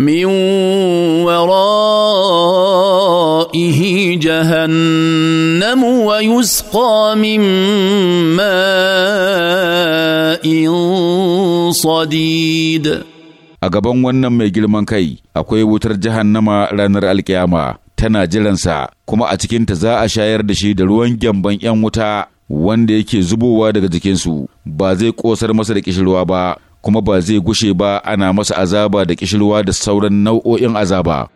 من ورائه جهنم ويسقى من ماء صديد a gaban wannan mai girman kai akwai wutar jahannama ranar alkiyama tana jiransa kuma a cikinta za a shayar da shi da ruwan gyamban 'yan wuta wanda yake zubowa daga jikinsu ba zai ƙosar masa da ƙishirwa ba kuma ba zai gushe ba ana masa azaba da kishirwa da sauran nau'o'in azaba